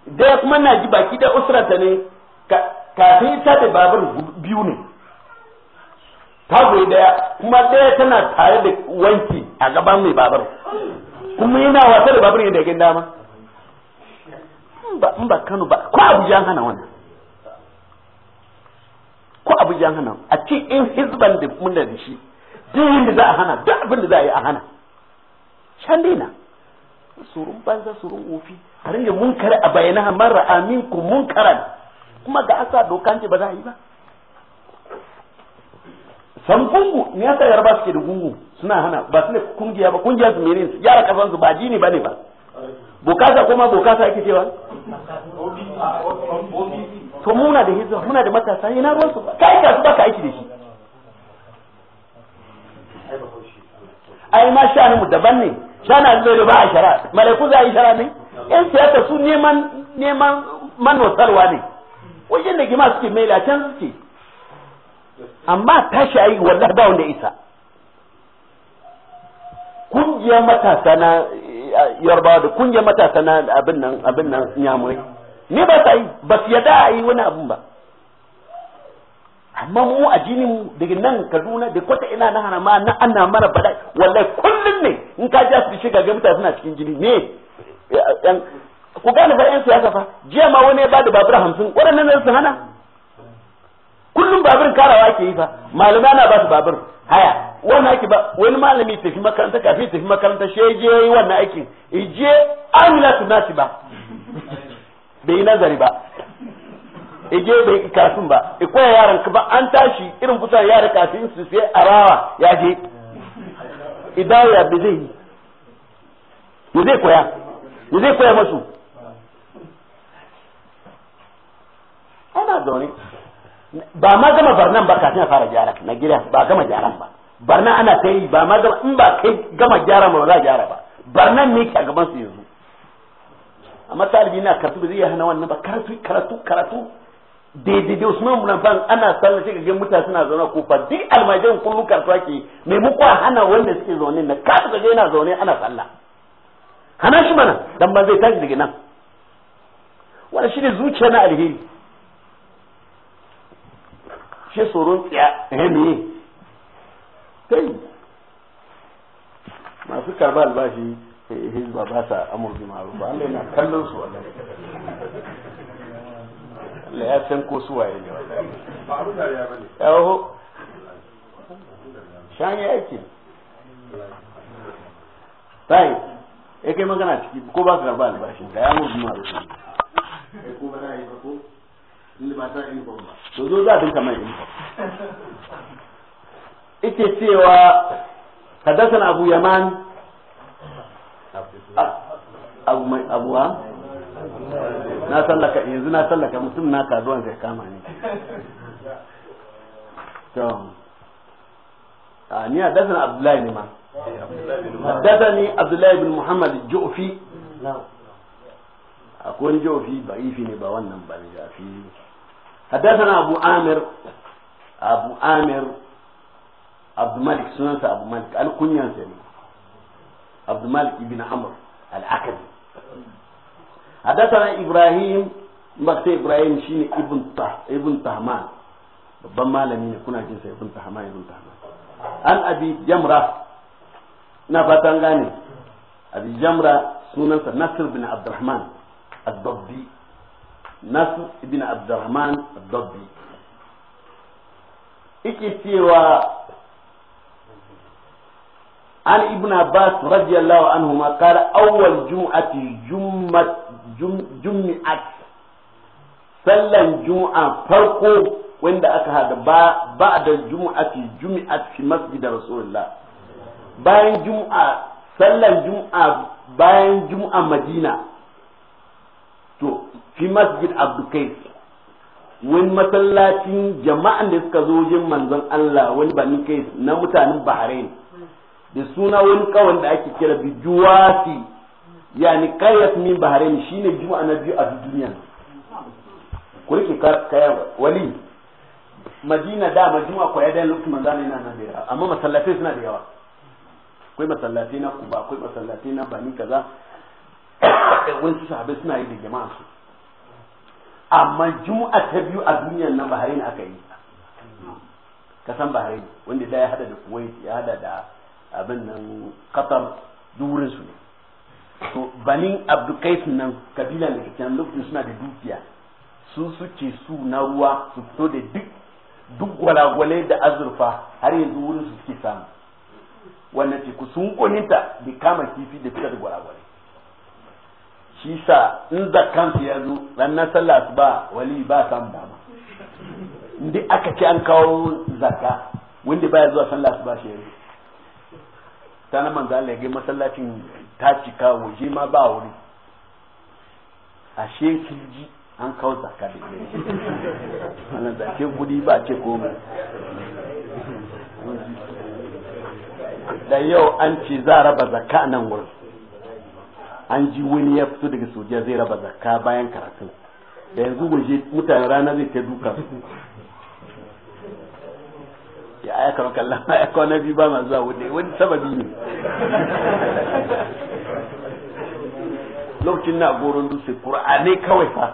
da kuma na ji baki da usranta ne kafin ita da babur biyu ne ta goyi daya kuma daya tana tare da wanki a gaban mai babar kuma yana wasa da babar yadda ya dama in ba kano ba ko abuja hana wannan ko abuja hana a ce in hizban da mun da shi duk da za a hana duk abin da za a yi a hana shan daina surun banza surun ofi a ringa munkar a bayyana mara amin ku munkaran kuma ga asa dokan ba za a yi ba san gungu me yasa yarba suke da gungu suna hana ba su ne kungiya ba kungiya su menene su yara kasan su ba jini bane ba bukasa kuma bukasa ake cewa to muna da hizba muna da matasa ina ruwan su kai ka su baka aiki da shi ai ma shanu mu daban ne shani azai da ba a shara malaiku za a yi shara ne yan siyasa su neman neman manotarwa ne wajen da gima suke maila can suke amma tashi ayi wallahi ba wanda isa kungiyar matasa na eh, yarbawa da kungiyar matasa na abin nan abin nan nyamuri ne ba ta yi ba su da a yi wani abin ba amma mu a jinin daga nan kaduna da kwata ina na hana ma na ana mara bada wallahi kullum ne in ka ji asibiti ga ga suna cikin jini ne eh, eh, ku gane fa yan siyasa fa jiya ma wani ya bada babura hamsin waɗannan ne su hana kullum babur karawa ke yi fa malamai na ba su babur haya wannan ake ba wani malami tafi makaranta kafin tafi makaranta shi je yi wannan aikin je amila su nasi ba bai yi nazari ba je bai yi kafin ba koya yaran ka ba an tashi irin kusan yara kafin su sai arawa ya je idaya bai zai yi ya zai koya ya zai koya masu ana zaune ba ma gama barnan ba kafin a fara gyara na gidan ba gama gyaran ba barnan ana ta yi ba ma gama in ba kai gama gyara ba za a gyara ba barnan ne ke a gaban su yanzu amma talibi na karatu ba zai yi hana wannan ba karatu karatu karatu daidai da usman bin affan ana sallah sai ga mutane suna zaune kofa duk almajirin kullum karatu ake mai muku hana wanda suke zaune na kasu je yana zaune ana sallah hana shi mana dan ba zai tashi daga nan wannan ne zuciya na alheri shi tsoron tsiya eh me kai masu karba albashi eh, hizba ba sa amur ma ma'ruf Allah yana kallon su wallahi Allah ya san ko su waye ne wallahi yawo shan ya yake tai ya kai magana ciki ko ba ka karba albashi da ya amur ma ma'ruf ko ba na yi ba ko inda ba sa uniform ba to zo za a dinka mai uniform ita cewa hadathana abu yaman abu mai abuwa na sallaka yanzu na sallaka mutum na kazuwan zai kama ni to a ni hadathana abdullahi ne ma eh, ni abdullahi bin muhammad ju'fi akwai jofi ba'ifi ne ba wannan ba ne حدثنا أبو عامر أبو عامر عبد الملك سنة أبو مالك الكنيا سنة عبد الملك بن عمرو العكدي حدثنا إبراهيم مكتب إبراهيم شين ابن طه ابن طهمان babban malami ne kuna jinsa ibn tahman ibn tahman an abi jamra na fatan gane abi jamra sunansa nasir bin Abdurahman. الضبي ناصر ابن عبد الرحمن الضبي ike cewa an ibn abbas radiyallahu anhu ma kara awwal jum'ati jum'at sallan juma'a farko wanda aka hada ba ba da jum'ati jum'at fi masjid rasulullah bayan jum'a sallan jum'a bayan jum'a madina fi masjid abdukais wani masallacin jama'an da suka zo wajen manzon Allah wani bani kai na mutanen Bahrain da suna wani kawan da ake kira bijuwasi yani qaryat min Bahrain shine juma'a na biyu a duniya ku rike kaya wali Madina da majmu'a ko yadan lokacin manzon yana nan da amma masallatai suna da yawa akwai masallatai na Kuba akwai masallatai na Bani kaza wani su sahabbai suna yi da jama'a su amma juma'a ta biyu a duniyar na bahrain aka yi kasan bahrain wanda da ya hada da kuwait ya hada da abin nan qatar durin su ne to banin abdukais nan kabila da kake lokacin suna da dukiya su suke su na ruwa su fito da duk duk gwalagwalai da azurfa har yanzu wurin su suke samu wannan teku sun koninta da kama kifi da fitar da gwalagwalai shi sa in su ya zo ranar sallah ba wali ba samun dama inda aka ce an kawo zakka wanda baya zuwa sallah ba shi yanzu ta na manzo Allah ya ga masallacin ta cika waje ma ba wuri ashe kin ji an kawo zakka da ke wannan zake gudi ba ce komai da yau an ce za a raba zakka nan wurin an ji wani ya fito daga sojiya zai raba zakka bayan karatu da yanzu gobe mutane rana zai ta duka ya aya kama kallon aya kwana biyu ba ma zuwa wani wani sababi ne lokacin na goron dutse kur'ani kawai fa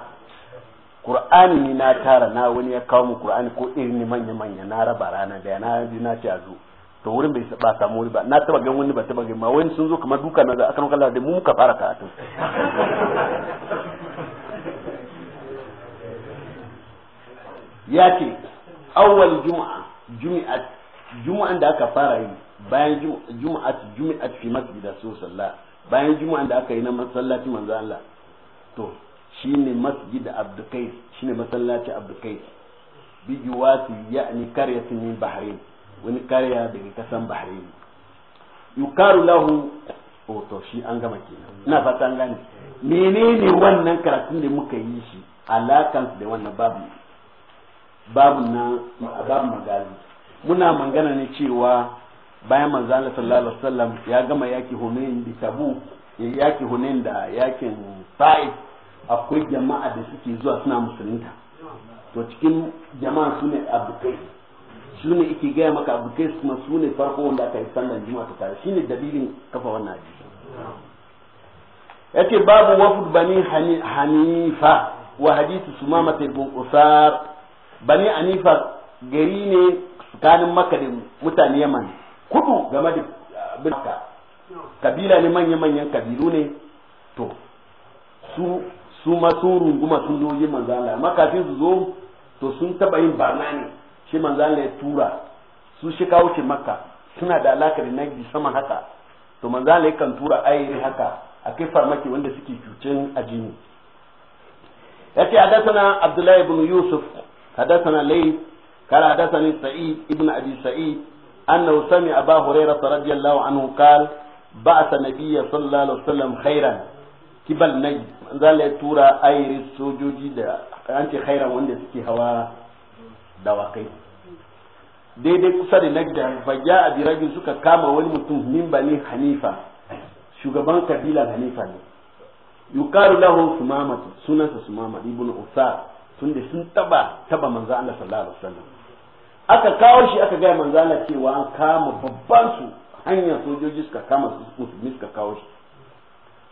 kur'ani ni na tara na wani ya kawo mu qur'ani ko irin manya manya na raba rana da na ji na ce a zuwa to wurin bai ba samu wuri ba na taba gan wani ba taba gan ma wani sun zo kamar duka na za a kan kallon da mu muka fara karatu ya ce awwal juma'a jumi'at juma'an da aka fara yi bayan juma'at jumi'at fi masjid salla bayan juma'an da aka yi na masallaci manzo Allah to shine masjid abdukai shine masallaci abdukai bi juwati ya'ni karyatin min bahrain wani karya daga kasan bahrain yukaru lahu to shi an gama kenan ina fata an gane menene wannan karatun da muka yi shi alakan da wannan babu babu na babu magazi muna mangana ne cewa bayan manzo Allah sallallahu alaihi wasallam ya gama yaki Hunain da tabu yaki Hunain da yakin Sa'id akwai jama'a da suke zuwa suna musulunta to cikin jama'a sune abukai su ne ake gaya maka abu kai kuma su ne farko wanda aka yi sallan juma'a ta tare shine dalilin kafa wannan hadisi yace babu wafud bani hanifa wa hadisi sumama ibn usar bani anifa gari ne tsakanin maka da mutane yaman kudu game da abin kabila ne manya-manyan kabilu ne to su su ma sun runguma sun zo yi manzo makafin su zo to sun taba yin barna ne shi manzo Allah ya tura su shi kawo ce makka suna da alaka da nagi sama haka to manzo Allah kan tura ayyari haka akai farmaki wanda suke cucin ajini yace hadathana Abdullahi ibn Yusuf hadathana lay kala hadathani sa'id ibn abi sa'id annahu sami ابا هريره رضي anhu عنه ba'atha بعث sallallahu alaihi wasallam khairan kibal خيرا manzo Allah ya tura ayiri sojoji da an ce khairan wanda suke hawa dawakai daidai kusa da nagda faja a biragin suka kama wani mutum min bani hanifa shugaban kabilan hanifa ne yukaru lahu sumama sunansa sumama ibnu usa tun da sun taba taba manzo Allah sallallahu alaihi wasallam aka kawo shi aka gaya manzo Allah cewa an kama babban su hanyar sojoji suka kama su suka kawo shi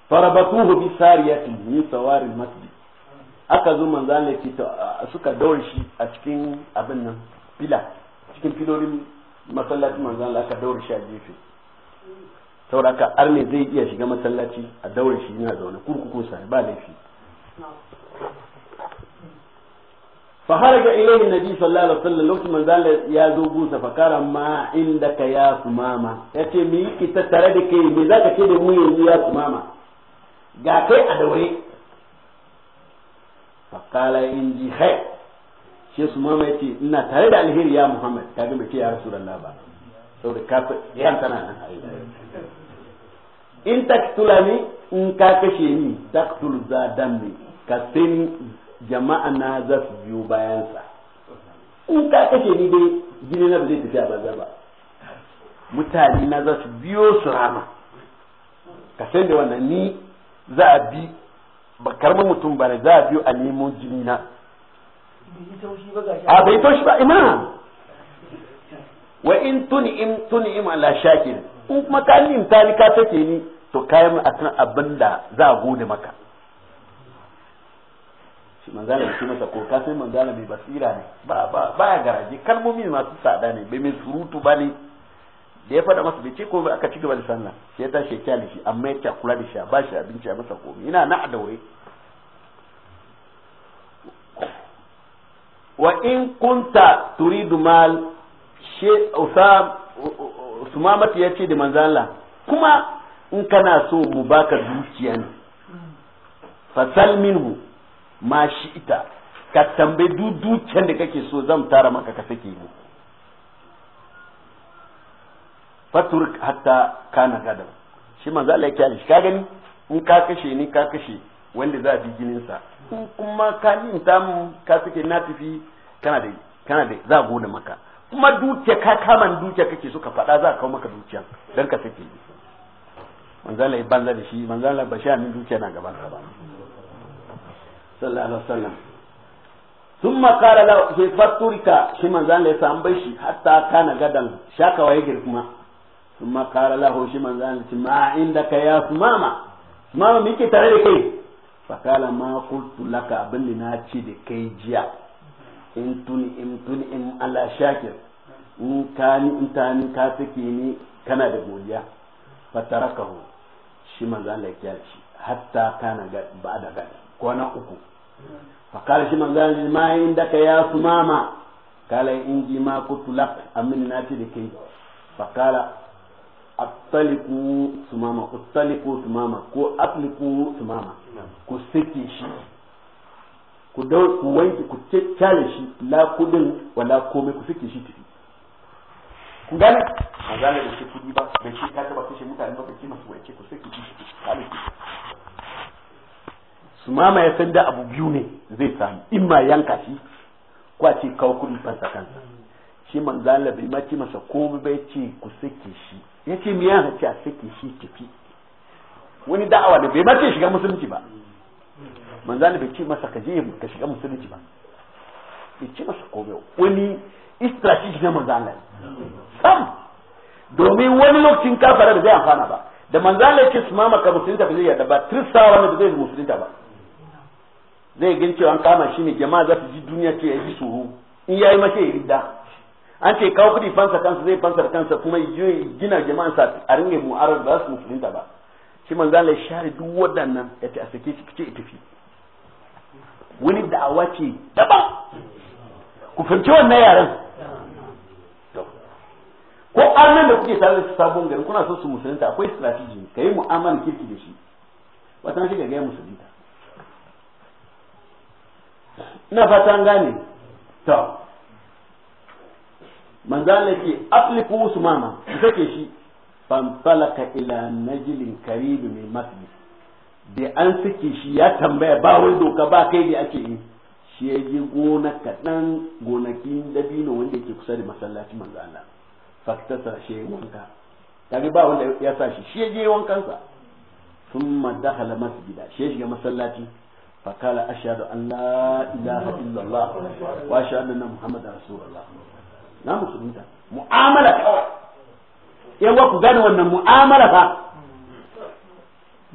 farabatuhu bi sariyati min sawaril masjid aka zo manzo Allah ya ce suka daure shi a cikin abin nan fila cikin filorin masallacin manzo Allah aka daure shi a jefe saboda ka arne zai iya shiga masallaci a daure shi yana zaune kurkuku sai ba laifi fa haraja ilayhi nabi sallallahu alaihi wasallam lokacin manzo Allah ya zo gusa fa kara ma indaka ya kumama yace mi kita tare da kai me zaka ce da mu yanzu ya kumama ga kai a daure faƙala in ji hai shi su mama ce ina tare da alheri ya muhammad ta gama ce ya rasu lalla ba da kafa yan tana nan in taktula ni in ka kashe ni taktul za ka sin jama'a na za su biyo bayansa in ka kashe ni dai jini na zai tafi a banza ba mutane na za su biyo su rama ka sai da wannan ni za a bi ba karma mutum ba za a biyo a nemo jini na a bai taushi ba ima wa in tuni im ala shakir in kuma ka ta ni ka take ni to kayan a abin da za a gode maka shi manzana da shi masa ko ka sai manzana mai basira ne ba ba ba garaje kalmomi masu tsada ne bai mai surutu ba ne da ya faɗa masa bai ce ko aka ci gaba da sallah sai ya tashi ya kyale shi amma ya kula da shi ba shi abinci a masa komai ina na a wai wa in kunta turidu mal she usam sumamati yace da manzala kuma in kana so mu baka dukiya ne fasal minhu ma shi ita ka tambayi duk dukiyar da kake so zan tara maka ka sake mu faturk hatta kana gadar shi manzo Allah ya kyale shi ka gani in ka kashe ni ka kashe wanda za a bi jinin sa in kuma ka ta mu ka suke na tafi kana da kana da za da maka kuma dukiya ka kama dukiya kake so ka fada za ka kawo maka dukiya dan ka sake ni manzo Allah ya banza da shi manzo Allah bashi amin min dukiya na gaban ka ba sallallahu alaihi wasallam ثم قال له في فطرك شي من زان ليس عم بيشي حتى كان غدا شاكا ويجري kuma. sun makara lahu shi ma inda ka ya sumama sumama tare da kai fakala ma kultu abin da na ce kai jiya in tuni in tuni in ala shakir in ka ni in ta ni ka sake ni kana da godiya fatarakahu hatta kana ba da gada uku fakala shi ma inda ka ya sumama kala in ji ma kultu laka amin na ce da kai fakala attaliku sumama attaliku sumama ko atliku sumama ku sike shi ku da ku wanki ku kyale shi la kudin wala komai ku sike shi tafi ku gane a gane da shi kudi ba bai shi ka taba kashe mutane ba bai masu wance ku sike shi tafi sumama ya san da abu biyu ne zai samu in ma yanka shi ko a ce kawo kudin fansa kansa shi manzala bai ma masa komai bai ce ku sike shi ya ce miyan hace a sake shi tafi wani da'awa da bai ma ce shiga musulunci ba manzan bai ce masa ka je ka shiga musulunci ba bai ce masa komai wani strategy na manzan Allah sam domin wani lokacin kafara da zai amfana ba da manzan Allah ce su mama ka musulunta ba zai yarda ba tirsawa ne da zai musulunta ba zai gan cewa an kama shi ne jama'a za su ji duniya ce ya ji tsoro in yayi mace ya ridda an ce kawo kudi fansa kansa zai fansa kansa kuma gina jama'ansa a ringe mu'arar ba su musulunta ba shi man Allah ya share duk waɗannan ya ce a sake shi kice tafi wani da'awa ce daban ku fanci wannan yaran ko arnan da kuke tare da sabon gari kuna so su musulunta akwai strategy ka yi mu'amalar kirki da shi wata shi ga gaya musulunta ina fata an gane to manzala ce afliku usmana ku sake shi fanfalaka ila najilin karibu mai masjid da an sake shi ya tambaya ba wai doka ba kai da ake yi shi ya je gona kaɗan gonakin dabino wanda yake kusa da masallaci manzo Allah faktasar shi ya yi wanka kaga ba wanda ya sa shi shi ya je wankansa sun thumma dakhala gida shi ya shiga masallaci fakala ashhadu an la ilaha illallah wa ashhadu anna muhammad rasulullah na ta mu'amala kawai yawa ku gane wannan mu'amala fa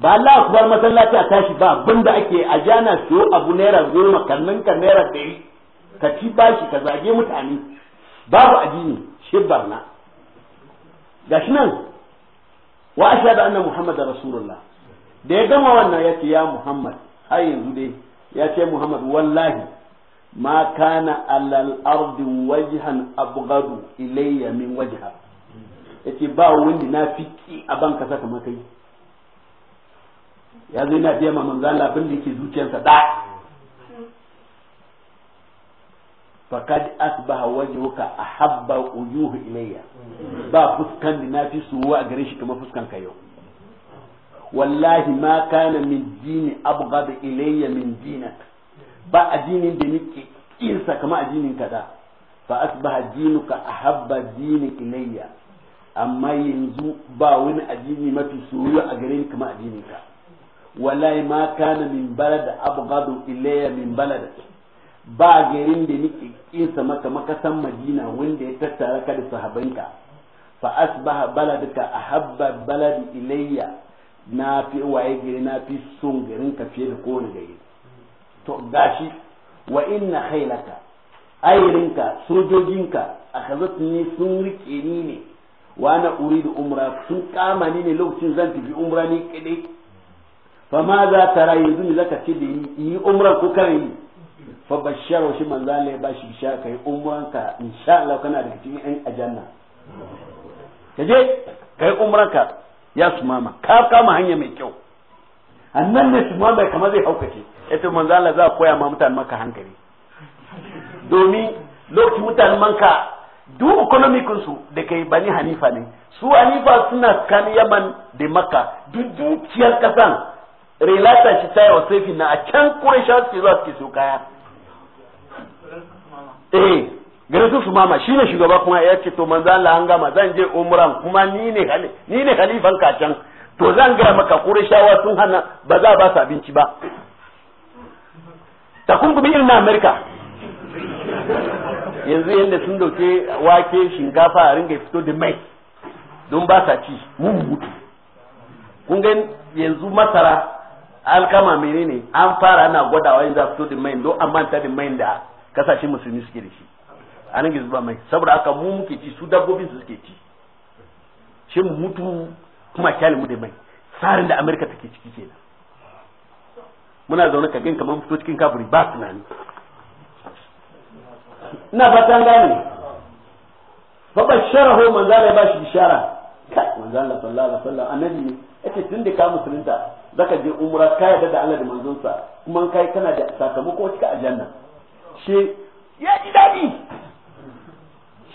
ba Allah ku bar masallaci a tashi ba abinda ake a jana siyo abu naira goma kannin ka naira ɗari ka ci bashi ka zage mutane babu addini shi barna gashi nan wa ashhadu anna muhammadar rasulullah da ya gama wannan ya ce ya muhammad har yanzu dai ya ce muhammad wallahi ma kana alal ardi wajhan ilayya min wajha yace ba wanda na fiki a ban kasa kamar kai ya zo yana biya ma manzo Allah abin da yake zuciyarsa da fakad asbaha wajhuka ahabba ujuhu ilayya ba fuskan da nafi suwa a gare shi kamar fuskan ka yau wallahi ma kana min dini abghad ilayya min dinak ba addinin da nake kin sa kamar addinin kaza fa asbaha dinuka ahabba dinik ilayya amma yanzu ba wani addini mafi soyayya a gare ni kamar addinin ka wallahi ma kana min balad abghadu ilayya min balad ba garin da nake kin maka makasan madina wanda ya tattara ka da sahabbanka fa asbaha baladuka ahabba balad ilayya na fi waye gari na fi son garin ka fiye da kowane gari to gashi wa inna khailaka ayrinka sojojinka ni sun rike ni ne wa ana uridu umra sun kama ni ne lokacin zan tafi umra ni kadai fa ma za tara yanzu zaka ce da yi umra ko kare ni fa bashara shi manzo Allah ya bashi bishara kai umranka insha Allah kana da cikin ɗan ajanna kaje kai umranka ya mama ka kama hanya mai kyau annan ne mama kamar zai haukace yace manzo Allah za koya ma mutanen maka hankali domin lokacin mutanen manka duk ekonomikinsu su da kai bani hanifa ne su hanifa suna kan yaman da maka duk dukiyar kasan relata shi ta yawa sai na a can kuraisha suke zuwa suke so kaya eh gare su mama shine shugaba kuma ya ce to manzo Allah an gama zan je umran kuma ni ne ni ne khalifan ka can to zan ga maka wa sun hana ba za ba su abinci ba takunkumi irin na amerika yanzu yadda sun dauke wake shinkafa a ringa fito da mai don ba sa ci mun mutu kun yanzu masara alkama menene an fara ana gwadawa yanzu a fito da mai don amanta da mai da kasashe musulmi suke da shi a ringa zuba mai saboda haka mu muke ci su dabbobin su suke ci shi mu mutu kuma kyalimu da mai tsarin da amerika take ciki kenan muna zaune ka gan kamar fito cikin kaburi ba tunani ina ba ta gane shara basharahu manzo Allah ya bashi bishara kai manzo Allah sallallahu alaihi wasallam annabi ne yace tun da ka musulunta zaka je umra ka yarda da Allah da manzonsa kuma kai kana da sakamako a aljanna shi ya ji dadi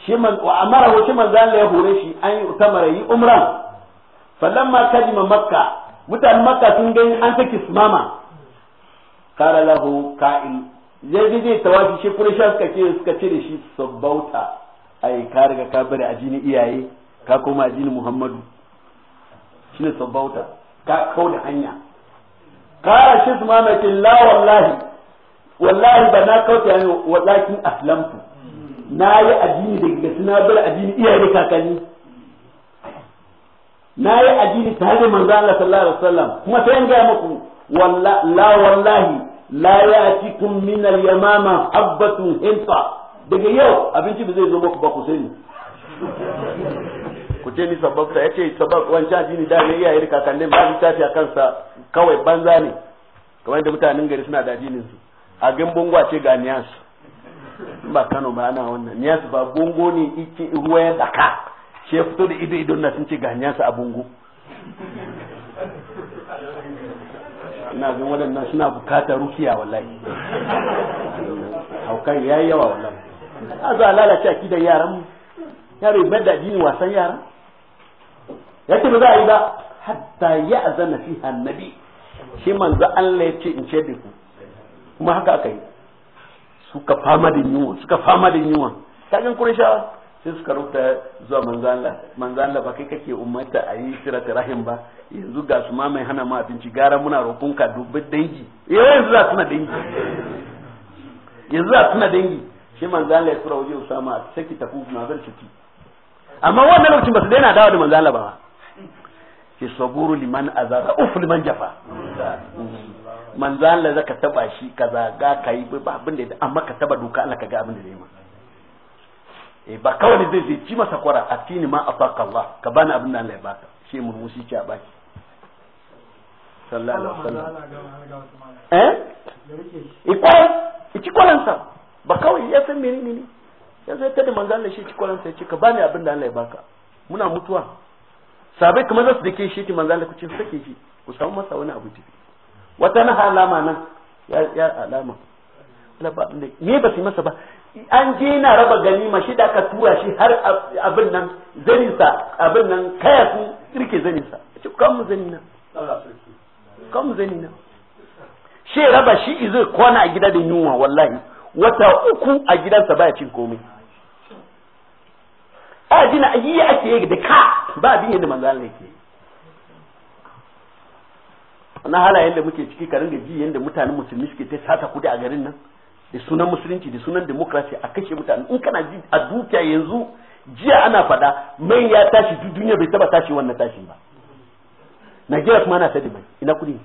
shi man wa amara wa shi manzo Allah ya hore shi an yi tamara yi umra falamma kajima makka mutanen makka sun gani an take mama kala lahu ka'il ji zai tawafi shi sha suka ce suka ce da shi su bauta ai ka riga ka bari jini iyaye ka koma a jini muhammadu shi ne bauta ka da hanya kala shi su mamakin la wallahi wallahi ba na kauta ne walakin aslamtu na yi addini da gaske na bar addini iyaye da kakanni na yi addini tare da manzo Allah sallallahu alaihi wasallam kuma sai an ga muku walla la wallahi la ya'tikum min al-yamama habbatun hinta daga yau abinci ba zai zo muku ba ku ni ku ce ni ta yace sabab wancan addini da ne iyaye da kakannin ba littafi a kansa kawai banza ne kamar da mutanen gari suna da addinin su a gan bongo ce ga niyas ba Kano ba ana wannan niyas ba bongo ne iki ruwa ya daka shi fito da ido idon na sun ce ga niyas a bongo ina ga waɗannan suna bukatar rukiya wallahi haukan yi yawa wallahi a za lalace akidan yaran mu yaro bai da addini wasan yara yake ba za a yi ba hatta ya azana fi annabi shi manzo Allah ya ce in ce da ku kuma haka aka yi suka fama da yunwa suka fama da yunwa kajin kurishawa sai suka rubuta zuwa manzo Allah manzo Allah ba kai kake ummata a yi sirata rahim ba yanzu ga su mai hana mu abinci gara muna roƙon ka dubi dangi eh, yanzu za na dangi yanzu za tuna dangi shi manzo Allah ya tura waje Usama saki na nazar ciki amma wannan lokacin ba su daina dawo da manzo Allah ba ke saburu liman azara uf liman jafa manzo Allah zaka taba shi kaza ga kai ba abin da amma ka taba doka Allah kaga abin da zai ma e ba kawai zai zai ci masa kwara tini ma afaka Allah ka bani abin da Allah ya baka shi murmushi ce a baki sallallahu alaihi wasallam eh ikwai ici kwalansa ba kawai ya san menene ne ya sai ta da manzo Allah shi ci kwalansa ya ce ka bani abin da Allah ya baka muna mutuwa sabai kamar da ke shi ti manzo Allah ku ce sake shi ku samu masa wani abu tafi wata na alama nan ya alama me ba su masa ba an je na raba ganima shi da aka tura shi har abin nan zaninsa abin nan kaya sun rike zaninsa ce kan mu zanin nan kam zani na shi raba shi izo kwana a gida da yunwa wallahi wata uku a gidansa baya cin komai a jina yi ake yi da ka ba abin yadda manzo Allah yake na halayen da muke ciki karin da ji yadda mutanen musulmi suke ta sata kudi a garin nan da sunan musulunci da sunan demokrasi a kashe mutane in kana ji a dukiya yanzu jiya ana fada mai ya tashi duniya bai taba tashi wannan tashin ba Najeriya kuma na sadi mai ina kudi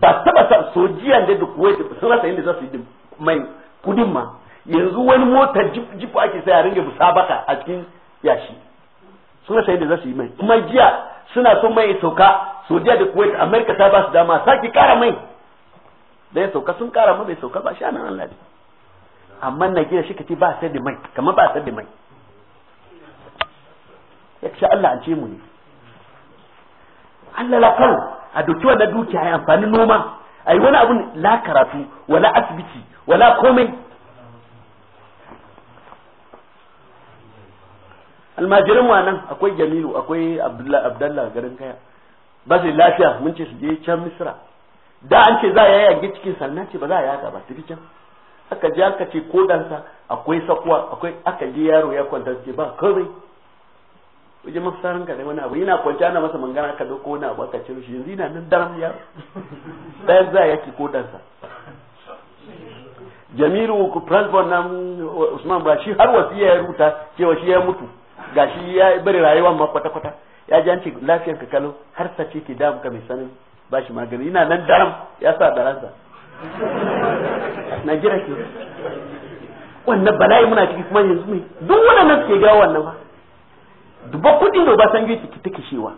ba taba sa sojiyan da duk wai sun rasa inda za su yi mai kudin ma yanzu wani mota jip ake sai a ringa musabaka a cikin yashi sun rasa inda za su yi mai kuma jiya suna son mai sauka sojiya da kuwait amerika ta ba su dama sake kara mai da ya sauka sun kara mai sauka ba shi nan an ne amma Najeriya shi kati ba sai da mai kamar ba sai da mai ya sha Allah an ce mu ne Allah a doki wannan dukiya ya amfani noma ai wani abu la karatu wala asibiti wala komai almajirin wannan akwai jamilu akwai abdallah garin kaya ba su lafiya mun ce su je can misra da an ce za a yage cikin sannan ce ba za a yaga ba tafi can aka je aka ce kodansa akwai sakuwa akwai aka je yaro ya kwanta ce ba komai wajen mafsarin ka ne wani abu yana kwanci ana masa mangana aka ko wani abu aka cire shi yanzu yana nan daram ya ɗaya za yake ko dansa jamilu ku transport nan usman ba shi har wasu ya ruta cewa shi ya mutu Ga shi ya bari rayuwa ma kwata kwata ya ji an ce lafiyar ka kalo har sa ce ke damu ka mai sanin ba shi magani yana nan daram ya sa daransa na gira ke wannan bala'i muna ciki kuma yanzu mai duk nan suke gawa wannan ba dubba kudi da obasanjo ciki take shewa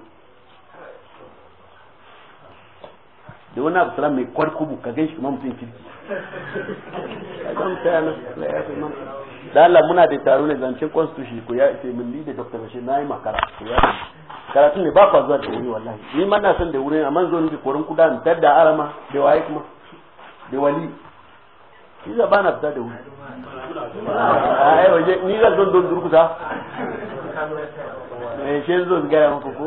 da wani abu salam mai kwarkubu ka gan shi kuma mutum kirki da Allah muna da taro ne zance constitution ko ya ce mun li da Dr. Bashir nayi makara ku ya karatu ne ba kwa zuwa da wuri wallahi ni ma na san da wuri amma zo ni korin kuda da arama da waye kuma da wali shi za ba na fita da wuri ai ah, eh, waje ni zan don don durkusa eh shi zo gaya muku ko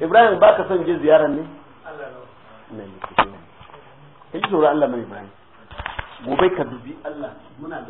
Ibrahim ba ka son je ziyarar ne kai tsoron Allah mai Ibrahim gobe ka dubi Allah muna